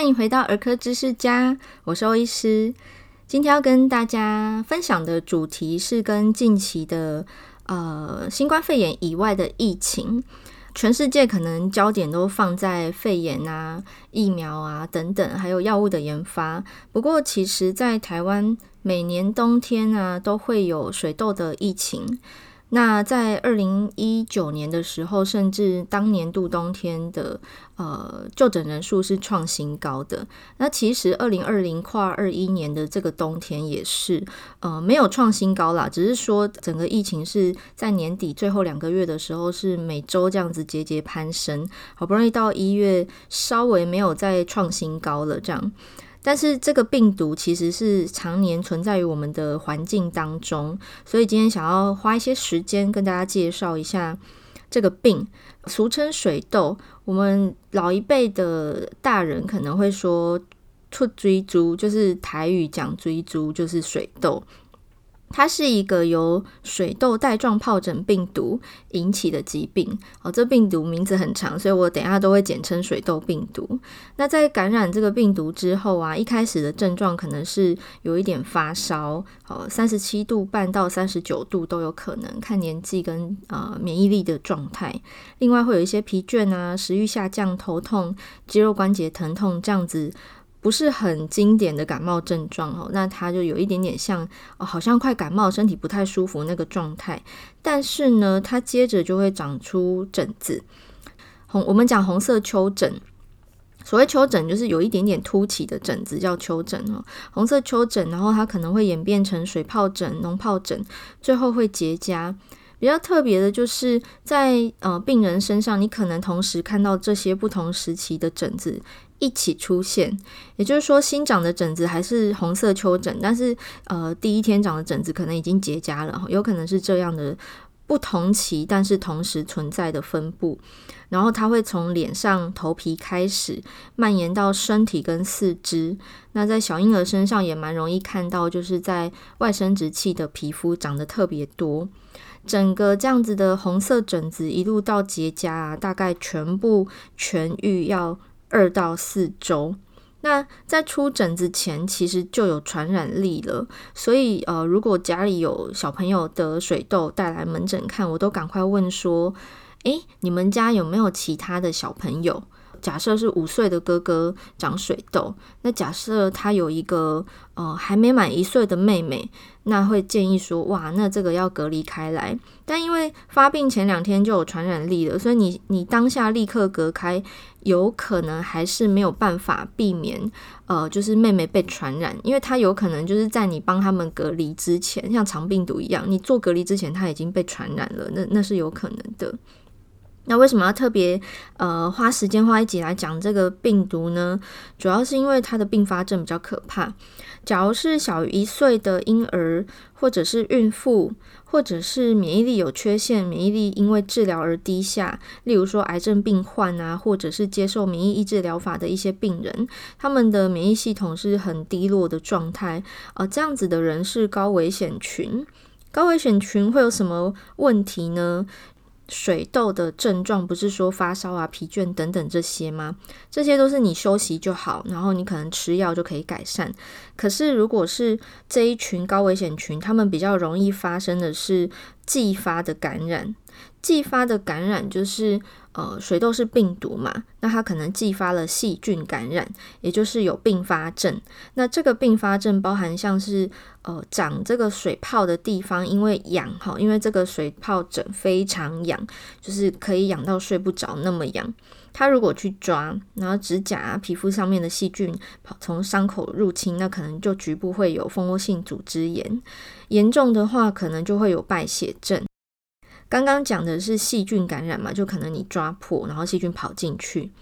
歡迎回到兒科知識家，我是歐醫師。今天要跟大家分享的主題是跟近期的呃新冠肺炎，以外的疫情，全世界可能焦點都放在肺炎啊、疫苗啊等等，還有藥物的研發。不過，其實在台灣，每年冬天啊都會有水痘的疫情。那在二零一九年的時候，甚至當年度冬天的呃就診人數是創新高的。那其實二零二零跨二一年的這個冬天也是，呃，沒有創新高啦，只是說整個疫情是在年底最後兩個月的時候是每周這樣子節節攀升，好不容易到一月稍微沒有再創新高了，這樣。但是這個病毒其實是常年存在於我們的環境當中，所以今天想要花一些時間跟大家介紹一下這個病，俗稱水痘。我們老一輩的大人可能會說，“出追逐”，就是台語講“追逐”，就是水痘。它是一個由水痘帶狀疱疹病毒引起的疾病哦，這病毒名字很長，所以我等一下都會簡稱水痘病毒。那在感染這個病毒之後啊，一開始的症狀可能是有一點發燒哦，三十七度半到三十九度都有可能，看年紀跟呃免疫力的狀態。另外會有一些疲倦啊、食欲下降、頭痛、肌肉關節疼痛這樣子。不是很經典的感冒症狀哦，那它就有一點點像哦，好像快感冒，身體不太舒服那個狀態。但是呢，它接着就會長出疹子，紅。我們講紅色丘疹，所謂丘疹就是有一點點凸起的疹子，叫丘疹哦。紅色丘疹，然後它可能會演變成水皰疹、膿皰疹，最後會結痂。比較特別的就是在呃病人身上，你可能同時看到這些不同時期的疹子。一起出現，也就是說新長的疹子還是紅色丘疹，但是呃第一天長的疹子可能已經結痂了，有可能是這樣的不同期但是同時存在的分布，然後它會從臉上頭皮開始蔓延到身體跟四肢，那在小嬰兒身上也蠻容易看到，就是在外生殖器的皮膚長得特別多，整個這樣子的紅色疹子一路到結痂啊，大概全部痊癒要二到四週，那在出疹子前其實就有傳染力了，所以呃，如果家裡有小朋友得水痘帶來門診看，我都趕快問說：誒、欸，你們家有沒有其他的小朋友？假設是五歲的哥哥長水痘，那假設他有一個呃還沒滿一歲的妹妹，那會建議說，哇，那這個要隔離開來。但因為發病前兩天就有傳染力了，所以你你當下立刻隔開，有可能還是沒有辦法避免呃就是妹妹被傳染，因為她有可能就是在你幫他們隔離之前，像腸病毒一樣，你做隔離之前她已經被傳染了，那那是有可能的。那為什麼要特別呃花時間花一集來講這個病毒呢？主要是因為它的併發症比較可怕。假如是小於一歲的嬰兒，或者是孕婦，或者是免疫力有缺陷、免疫力因為治療而低下，例如說癌症病患啊，或者是接受免疫抑制療法的一些病人，他們的免疫系統是很低落的狀態。呃，這樣子的人是高危險群。高危險群會有什麼問題呢？水痘的症狀不是說發燒啊、疲倦等等這些嗎？這些都是你休息就好，然後你可能吃藥就可以改善。可是如果是這一群高危險群，他們比較容易發生的是。繼發的感染，繼發的感染就是呃，水痘是病毒嘛，那它可能繼發了細菌感染，也就是有併發症。那這個併發症包含像是呃長這個水泡的地方因為癢哈，因為這個水泡疹非常癢，就是可以癢到睡不着那麼癢。它如果去抓，然後指甲啊，皮膚上面的細菌跑從傷口入侵，那可能就局部會有蜂窩性組織炎，嚴重的話可能就會有敗血症。剛剛講的是細菌感染嘛，就可能你抓破，然後細菌跑進去。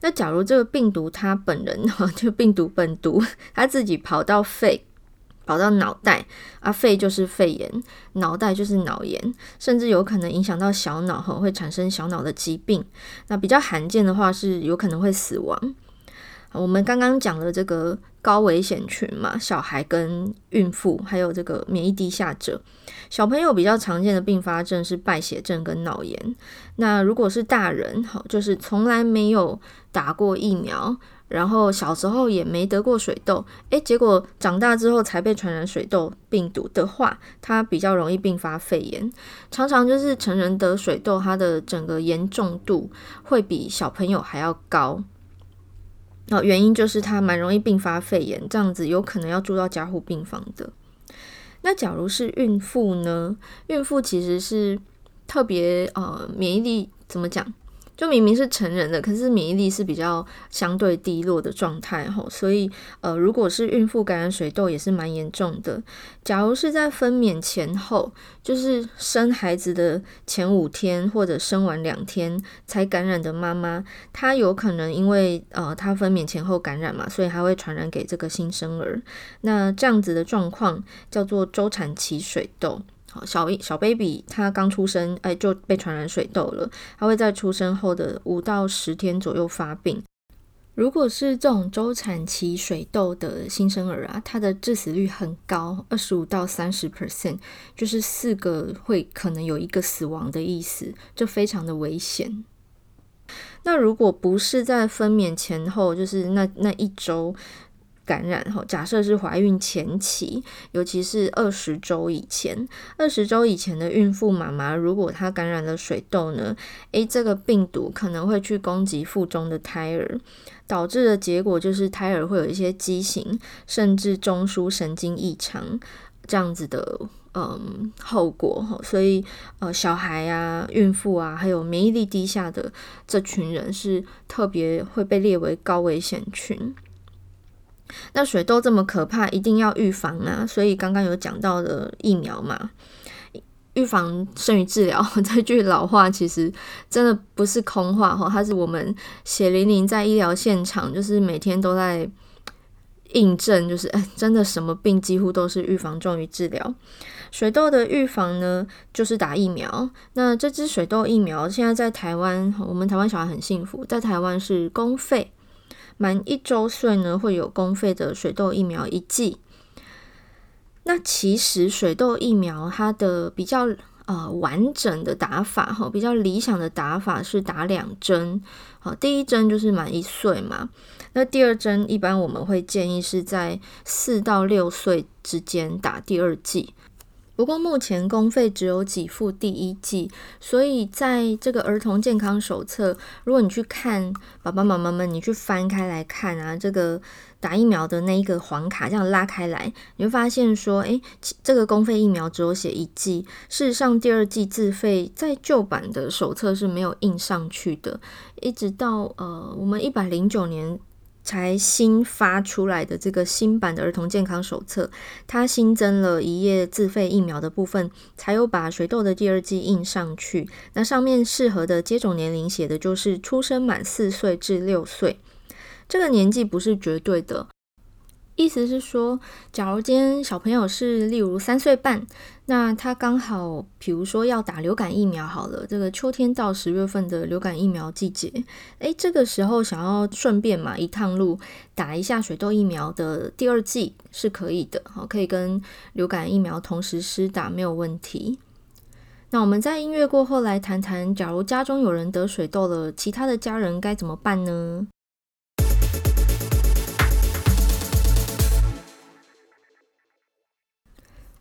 那假如這個病毒它本人哈，就病毒本毒，它自己跑到肺，跑到腦袋，啊，肺就是肺炎，腦袋就是腦炎，甚至有可能影響到小腦，和會產生小腦的疾病。那比較罕見的話，是有可能會死亡。我們剛剛講的這個高危險群嘛，小孩跟孕婦，還有這個免疫低下者，小朋友比較常見的併發症是敗血症跟腦炎。那如果是大人，就是從來沒有打過疫苗。然後小時候也沒得過水痘，哎，結果長大之後才被傳染水痘病毒的話，它比較容易併發肺炎，常常就是成人得水痘，它的整個嚴重度會比小朋友還要高。然後，哦，原因就是它蠻容易併發肺炎，這樣子有可能要住到加護病房的。那假如是孕婦呢？孕婦其實是特別呃免疫力怎麼講？就明明是成人的，可是免疫力是比較相對低落的狀態吼，所以呃，如果是孕婦感染水痘也是蠻嚴重的。假如是在分娩前後，就是生孩子的前五天或者生完兩天才感染的媽媽，她有可能因為呃她分娩前後感染嘛，所以她會傳染給這個新生兒。那這樣子的狀況叫做周產期水痘。小小 baby 他剛出生，哎，就被傳染水痘了。他會在出生後的五到十天左右發病。如果是這種周產期水痘的新生兒啊，他的致死率很高，二十五到三十 percent，就是四個會可能有一個死亡的意思，就非常的危險。那如果不是在分娩前後，就是那那一周。感染哈，假設是懷孕前期，尤其是二十周以前，二十周以前的孕婦媽媽，如果她感染了水痘呢，哎、欸，這個病毒可能會去攻擊腹中的胎兒，導致的結果就是胎兒會有一些畸形，甚至中樞神經異常這樣子的，嗯，後果，所以，呃，小孩啊、孕婦啊，還有免疫力低下的這群人是特別會被列為高危險群。那水痘這麼可怕，一定要預防啊！所以剛剛有講到的疫苗嘛，預防勝於治療，這句老話其實真的不是空話哈，它是我們血淋淋在醫療現場，就是每天都在印證，就是哎，真的什麼病幾乎都是預防重於治療。水痘的預防呢，就是打疫苗。那這支水痘疫苗現在在台灣，我們台灣小孩很幸福，在台灣是公費。滿一周歲呢，會有公費的水痘疫苗一劑。那其實水痘疫苗它的比較呃完整的打法哈，比較理想的打法是打兩針。好，第一針就是滿一歲嘛，那第二針一般我們會建議是在四到六歲之間打第二劑。不過目前公費只有給付第一劑，所以在這個兒童健康手冊，如果你去看爸爸媽媽們，你去翻開來看啊，這個打疫苗的那一個黃卡這樣拉開來，你會發現說，哎，這個公費疫苗只有寫一劑，事實上第二劑自費，在舊版的手冊是沒有印上去的，一直到呃我們一百零九年。才新發出來的這個新版的兒童健康手冊，它新增了一頁自費疫苗的部分，才有把水痘的第二劑印上去。那上面適合的接種年齡寫的就是出生滿四歲至六歲，這個年紀不是絕對的。意思是說，假如今天小朋友是例如三歲半，那他剛好，比如說要打流感疫苗好了，這個秋天到十月份的流感疫苗季節，哎，這個時候想要順便嘛一趟路打一下水痘疫苗的第二劑是可以的，好，可以跟流感疫苗同時施打沒有問題。那我們在音樂過後來談談，假如家中有人得水痘了，其他的家人該怎麼辦呢？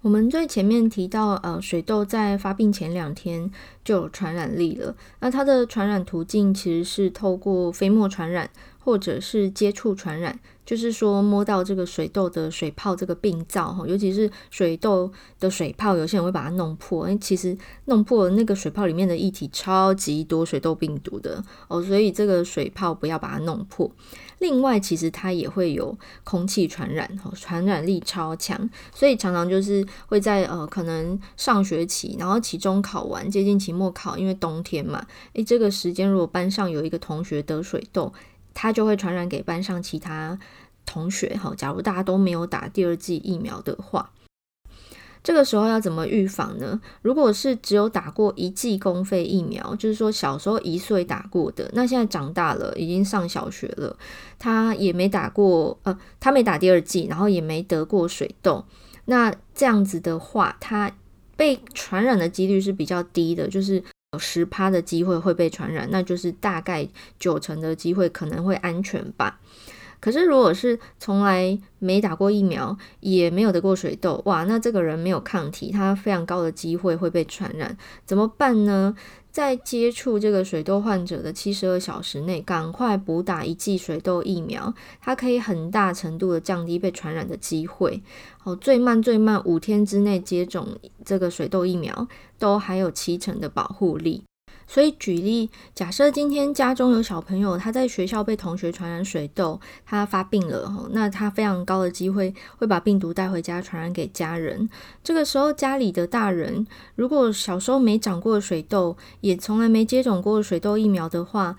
我們最前面提到，呃，水痘在發病前兩天就有傳染力了。那它的傳染途徑其實是透過飛沫傳染，或者是接觸傳染。就是說，摸到這個水痘的水泡這個病灶哈，尤其是水痘的水泡，有些人會把它弄破，誒，其實弄破了那個水泡裡面的液體超級多水痘病毒的哦，所以這個水泡不要把它弄破。另外，其實它也會有空氣傳染，哈，傳染力超強，所以常常就是會在呃，可能上學期，然後期中考完接近期末考，因為冬天嘛，哎，這個時間如果班上有一個同學得水痘。他就會傳染給班上其他同學。哈，假如大家都沒有打第二劑疫苗的話，這個時候要怎麼預防呢？如果是只有打過一劑公費疫苗，就是說小時候一歲打過的，那現在長大了已經上小學了，他也沒打過，呃，他沒打第二劑，然後也沒得過水痘，那這樣子的話，他被傳染的幾率是比較低的，就是。有十趴的機會會被傳染，那就是大概九成的機會可能會安全吧。可是，如果是從來沒打過疫苗，也沒有得過水痘，哇，那這個人沒有抗體，他非常高的機會會被傳染，怎麼辦呢？在接觸這個水痘患者的七十二小時內，趕快補打一劑水痘疫苗，它可以很大程度的降低被傳染的機會。哦，最慢最慢五天之內接種這個水痘疫苗，都還有七成的保護力。所以舉例，假設今天家中有小朋友，他在學校被同學傳染水痘，他發病了，吼，那他非常高的機會會把病毒帶回家，傳染給家人。這個時候家裡的大人，如果小時候沒長過水痘，也從來沒接種過水痘疫苗的話，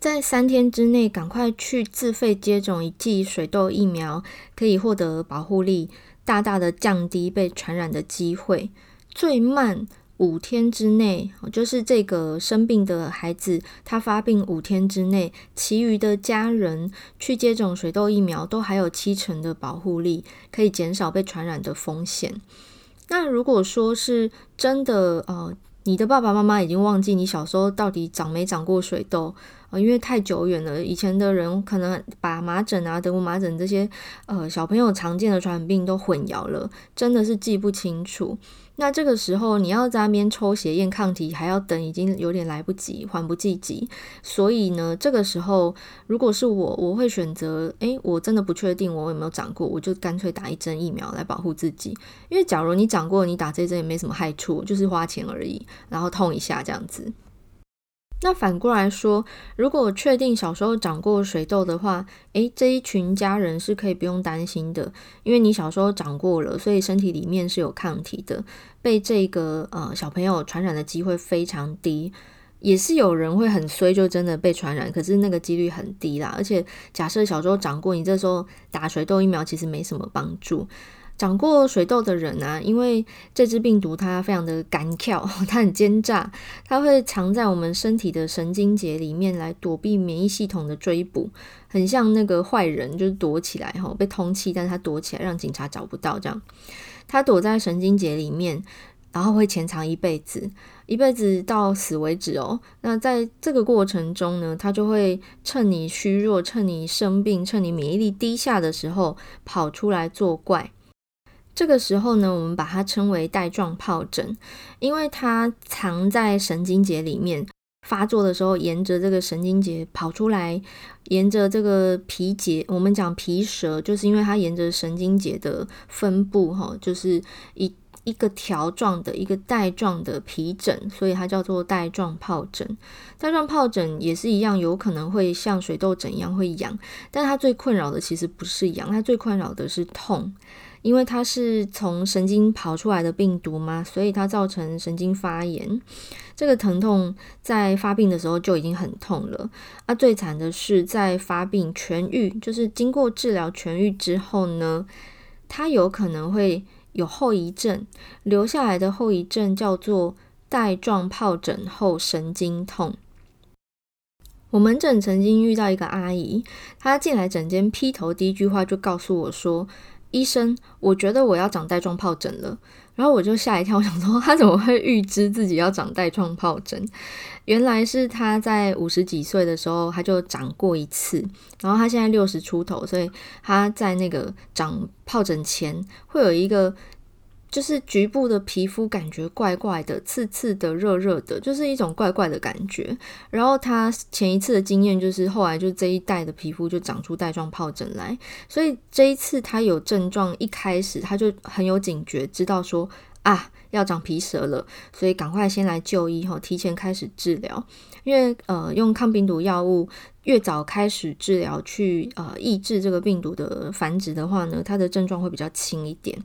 在三天之內趕快去自費接種一劑水痘疫苗，可以獲得保護力，大大的降低被傳染的機會。最慢。五天之內，就是這個生病的孩子，他發病五天之內，其餘的家人去接種水痘疫苗，都還有七成的保護力，可以減少被傳染的風險。那如果說是真的，呃，你的爸爸媽媽已經忘記你小時候到底長沒長過水痘啊，呃，因為太久遠了，以前的人可能把麻疹啊、德國麻疹這些呃小朋友常見的傳染病都混淆了，真的是記不清楚。那這個時候你要在那邊抽血驗抗體，還要等，已經有點來不及，緩不濟急。所以呢，這個時候如果是我，我會選擇，誒、欸，我真的不確定我有沒有長過，我就乾脆打一針疫苗來保護自己。因為假如你長過，你打這針也沒什麼害處，就是花錢而已，然後痛一下這樣子。那反過來說，如果確定小時候長過水痘的話，誒、欸，這一群家人是可以不用擔心的，因為你小時候長過了，所以身體裡面是有抗體的，被這個呃小朋友傳染的機會非常低。也是有人會很衰，就真的被傳染，可是那個幾率很低啦。而且假設小時候長過，你這時候打水痘疫苗其實沒什麼幫助。長過水痘的人啊，因為這隻病毒它非常的奸巧，它很奸詐，它會藏在我們身體的神經節裡面來躲避免疫系統的追捕，很像那個壞人，就是躲起來，哈，被通緝，但是他躲起來，讓警察找不到。這樣，他躲在神經節裡面，然後會潛藏一輩子，一輩子到死為止哦。那在這個過程中呢，他就會趁你虛弱，趁你生病，趁你免疫力低下的時候跑出來作怪。這個時候呢，我們把它稱為帶狀皰疹，因為它藏在神經節裡面，發作的時候沿着這個神經節跑出來，沿着這個皮節，我們講皮蛇，就是因為它沿着神經節的分布，哈，就是一一個條狀的一個帶狀的皮疹，所以它叫做帶狀皰疹。帶狀皰疹也是一樣，有可能會像水痘疹一樣會癢，但它最困擾的其實不是癢，它最困擾的是痛。因為它是從神經跑出來的病毒嘛，所以它造成神經發炎。這個疼痛在發病的時候就已經很痛了。啊，最慘的是在發病痊癒，就是經過治療痊癒之後呢，它有可能會有後遺症，留下來的後遺症叫做帶狀皰疹後神經痛。我門診曾經遇到一個阿姨，她進來診間劈頭第一句話就告訴我說，醫生，我覺得我要長帶狀皰疹了，然後我就嚇一跳，我想說他怎麼會預知自己要長帶狀皰疹？原來是他在五十幾歲的時候他就長過一次，然後他現在六十出頭，所以他在那個長皰疹前會有一個。就是局部的皮膚感覺怪怪的、刺刺的、熱熱的，就是一種怪怪的感覺。然後他前一次的經驗就是，後來就這一帶的皮膚就長出帶狀皰疹來。所以這一次他有症狀，一開始他就很有警覺，知道說啊要長皮蛇了，所以趕快先來就醫，提前開始治療。因為呃，用抗病毒藥物越早開始治療，去呃抑制這個病毒的繁殖的話呢，它的症狀會比較輕一點。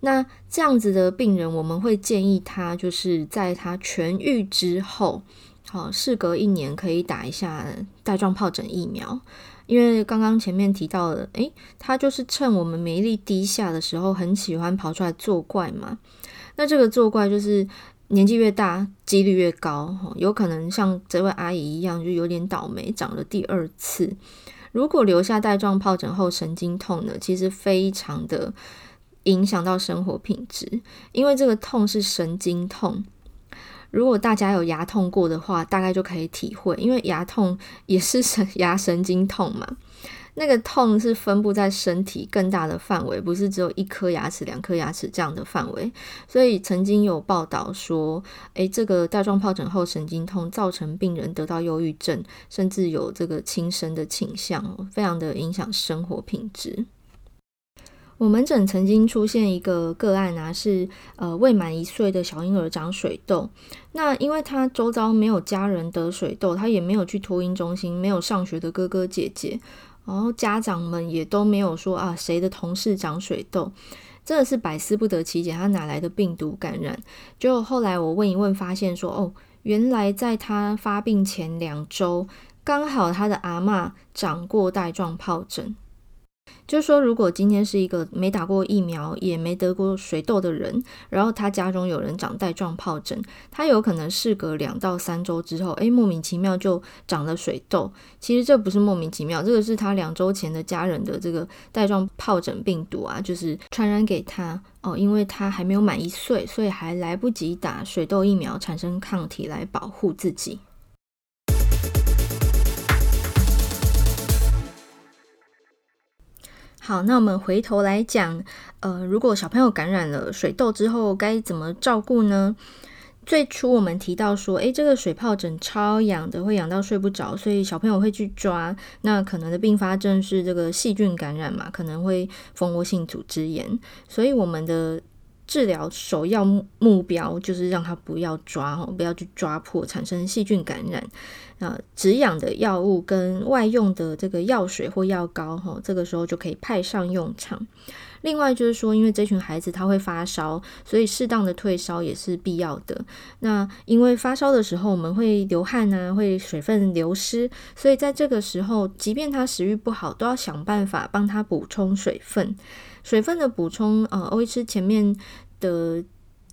那這樣子的病人，我們會建議他，就是在他痊癒之後，好、哦，事隔一年可以打一下帶狀皰疹疫苗，因為剛剛前面提到了，誒、欸，他就是趁我們免疫力低下的時候，很喜歡跑出來作怪嘛。那這個作怪就是年紀越大，幾率越高、哦，有可能像這位阿姨一樣，就有點倒霉，長了第二次。如果留下帶狀皰疹後神經痛呢，其實非常的。影響到生活品質，因為這個痛是神經痛。如果大家有牙痛過的話，大概就可以體會，因為牙痛也是神牙神經痛嘛。那個痛是分布在身體更大的範圍，不是只有一顆牙齒、兩顆牙齒這樣的範圍。所以曾經有報道說，誒、欸，這個帶狀皰疹後神經痛造成病人得到憂鬱症，甚至有這個輕生的傾向，非常的影響生活品質。我門診曾經出現一個個案啊，是呃未滿一歲的小嬰兒長水痘。那因為他周遭沒有家人得水痘，他也沒有去托嬰中心，沒有上學的哥哥姐姐，然後家長們也都沒有說啊，誰的同事長水痘，真的是百思不得其解，他哪來的病毒感染？就後來我問一問，發現說哦，原來在他發病前兩周，剛好他的阿嬤長過帶狀皰疹。就是說，如果今天是一個沒打過疫苗也沒得過水痘的人，然後他家中有人長帶狀皰疹，他有可能事隔兩到三週之後，誒，莫名其妙就長了水痘。其實這不是莫名其妙，這個是他兩週前的家人的這個帶狀皰疹病毒啊，就是傳染給他哦，因為他還沒有滿一歲，所以還來不及打水痘疫苗產生抗體來保護自己。好，那我們回頭來講，呃，如果小朋友感染了水痘之後，該怎麼照顧呢？最初我們提到說，誒、欸，這個水疱疹超癢的，會癢到睡不着，所以小朋友會去抓，那可能的併發症是這個細菌感染嘛，可能會蜂窩性組織炎，所以我們的治療首要目標就是讓他不要抓，不要去抓破，產生細菌感染。啊，止癢的藥物跟外用的這個藥水或藥膏，這個時候就可以派上用場。另外就是說，因為這群孩子他會發燒，所以適當的退燒也是必要的。那因為發燒的時候我們會流汗呢、啊，會水分流失，所以在這個時候，即便他食慾不好，都要想辦法幫他補充水分。水分的補充啊，歐、呃、醫師前面。的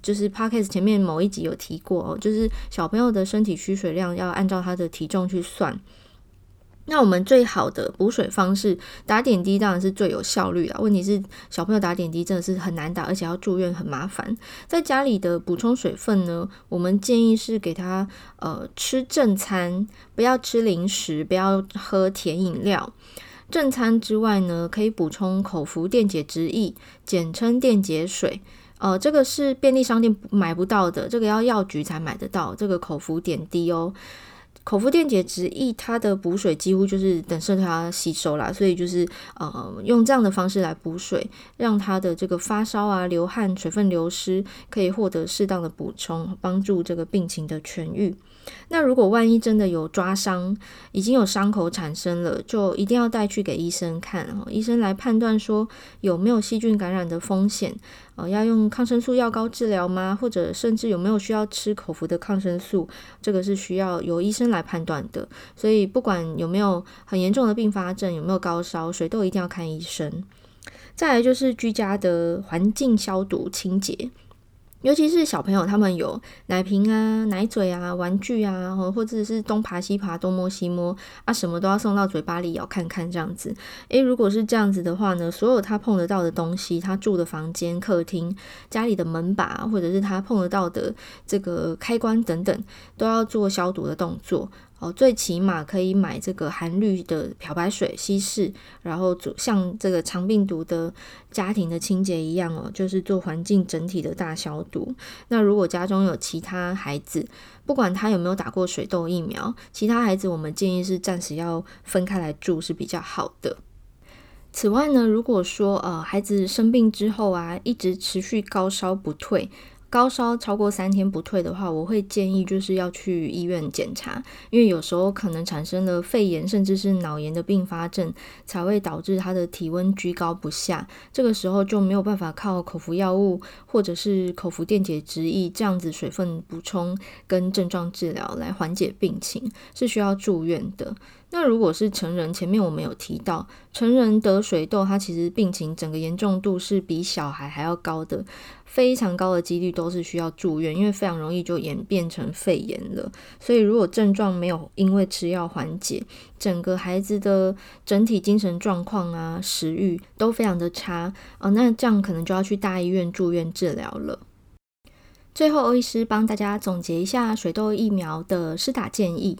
就是 podcast 前面某一集有提過哦，就是小朋友的身體需水量要按照他的體重去算。那我們最好的補水方式，打點滴當然是最有效率啦。問題是小朋友打點滴真的是很難打，而且要住院很麻煩。在家裡的補充水分呢，我們建議是給他呃吃正餐，不要吃零食，不要喝甜飲料。正餐之外呢，可以補充口服電解質液，簡稱電解水。哦、呃，這個是便利商店買不到的，這個要藥局才買得到。這個口服點滴哦，口服電解質液，它的補水幾乎就是等滲，它吸收啦。所以就是呃，用這樣的方式來補水，讓它的這個發燒啊、流汗、水分流失可以獲得適當的補充，幫助這個病情的痊癒。那如果萬一真的有抓傷，已經有傷口產生了，就一定要帶去給醫生看。醫生來判斷說有沒有細菌感染的風險，呃，要用抗生素藥膏治療嗎？或者甚至有沒有需要吃口服的抗生素？這個是需要由醫生來判斷的。所以不管有沒有很嚴重的併發症，有沒有高燒，水痘一定要看醫生。再來就是居家的環境消毒清潔。尤其是小朋友，他們有奶瓶啊、奶嘴啊、玩具啊，或者是東爬西爬、東摸西摸啊，什麼都要送到嘴巴裡咬看看這樣子。誒，欸，如果是這樣子的話呢，所有他碰得到的東西，他住的房間、客廳、家裡的門把，或者是他碰得到的這個開關等等，都要做消毒的動作。哦，最起碼可以買這個含氯的漂白水稀釋，然後做像這個腸病毒的家庭的清潔一樣哦，就是做環境整體的大消毒。那如果家中有其他孩子，不管他有沒有打過水痘疫苗，其他孩子我們建議是暫時要分開來住是比較好的。此外呢，如果說呃，孩子生病之後啊，一直持續高燒不退。高燒超過三天不退的話，我會建議就是要去醫院檢查，因為有時候可能產生了肺炎，甚至是腦炎的併發症，才會導致他的體溫居高不下。這個時候就沒有辦法靠口服藥物或者是口服電解質液這樣子水分補充跟症狀治療來緩解病情，是需要住院的。那如果是成人，前面我們有提到，成人得水痘，它其實病情整個嚴重度是比小孩還要高的，非常高的幾率都是需要住院，因為非常容易就演變成肺炎了。所以如果症狀沒有因為吃藥緩解，整個孩子的整體精神狀況啊、食慾都非常的差啊，哦，那這樣可能就要去大醫院住院治療了。最後，歐醫師幫大家總結一下水痘疫苗的施打建議。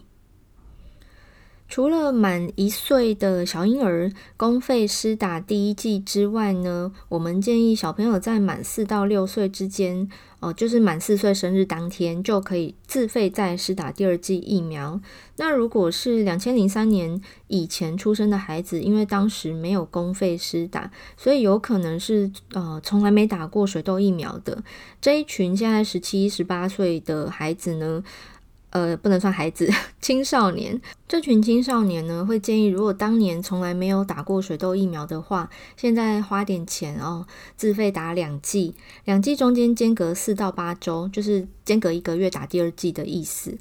除了滿一歲的小嬰兒公費施打第一劑之外呢，我們建議小朋友在滿四到六歲之間，哦、呃，就是滿四歲生日當天就可以自費再施打第二劑疫苗。那如果是兩千零三年以前出生的孩子，因為當時沒有公費施打，所以有可能是呃從來沒打過水痘疫苗的這一群現在十七、十八歲的孩子呢。呃，不能算孩子，青少年。這群青少年呢，會建議，如果當年從來沒有打過水痘疫苗的話，現在花點錢哦，自費打兩劑，兩劑中間間隔四到八週，就是間隔一個月打第二劑的意思。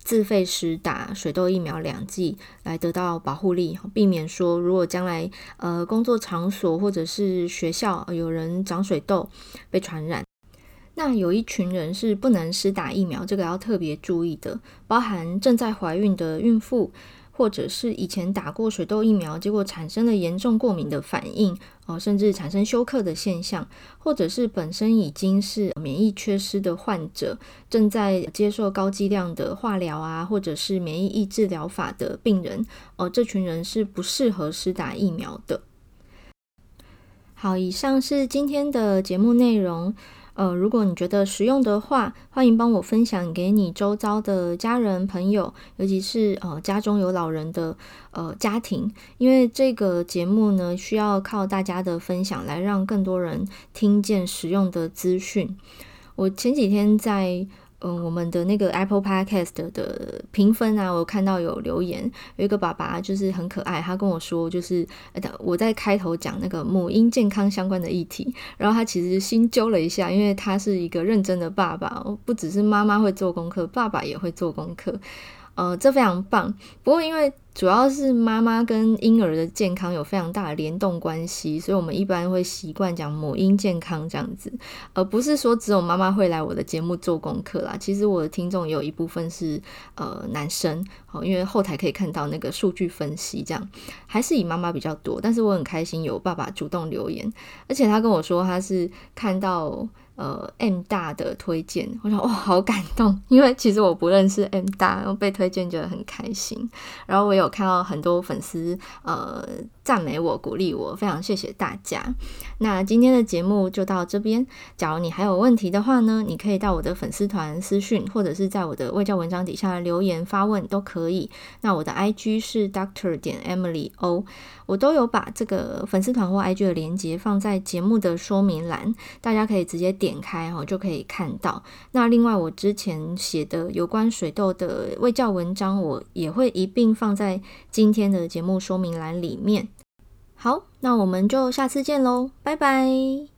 自費時打水痘疫苗兩劑，來得到保護力，避免說如果將來呃工作場所或者是學校有人長水痘，被傳染。那有一群人是不能施打疫苗，這個要特別注意的，包含正在懷孕的孕婦，或者是以前打過水痘疫苗，結果產生了嚴重過敏的反應哦、呃，甚至產生休克的現象，或者是本身已經是免疫缺失的患者，正在接受高劑量的化療啊，或者是免疫抑制療法的病人哦、呃，這群人是不適合施打疫苗的。好，以上是今天的節目內容。呃，如果你覺得實用的話，歡迎幫我分享給你周遭的家人朋友，尤其是呃家中有老人的呃家庭，因為這個節目呢，需要靠大家的分享來讓更多人聽見實用的資訊。我前幾天在。嗯，我們的那個 Apple Podcast 的評分啊，我看到有留言，有一個爸爸就是很可愛，他跟我說，就是，我在開頭講那個母嬰健康相關的議題，然後他其實心揪了一下，因為他是一個認真的爸爸，不只是媽媽會做功課，爸爸也會做功課，呃，這非常棒。不過因為。主要是媽媽跟嬰兒的健康有非常大的聯動關係，所以我們一般會習慣講母嬰健康這樣子，而不是說只有媽媽會來我的節目做功課啦。其實我的聽眾也有一部分是呃男生，好，因為後台可以看到那個數據分析這樣，還是以媽媽比較多，但是我很開心有爸爸主動留言，而且他跟我說他是看到。呃，M 大的推薦，我想哇、哦，好感動，因為其實我不認識 M 大，然後被推薦覺得很開心。然後我有看到很多粉絲，呃。讚美我，鼓勵我，非常謝謝大家。那今天的節目就到這邊。假如你還有問題的話呢，你可以到我的粉絲團私訊，或者是在我的衛教文章底下留言發問都可以。那我的 IG 是 doctor 點 Emily O，我都有把這個粉絲團或 IG 的連接放在節目的說明欄，大家可以直接點開後、哦、就可以看到。那另外我之前寫的有關水痘的衛教文章，我也會一併放在今天的節目說明欄裡面。好，那我們就下次見嘍，拜拜。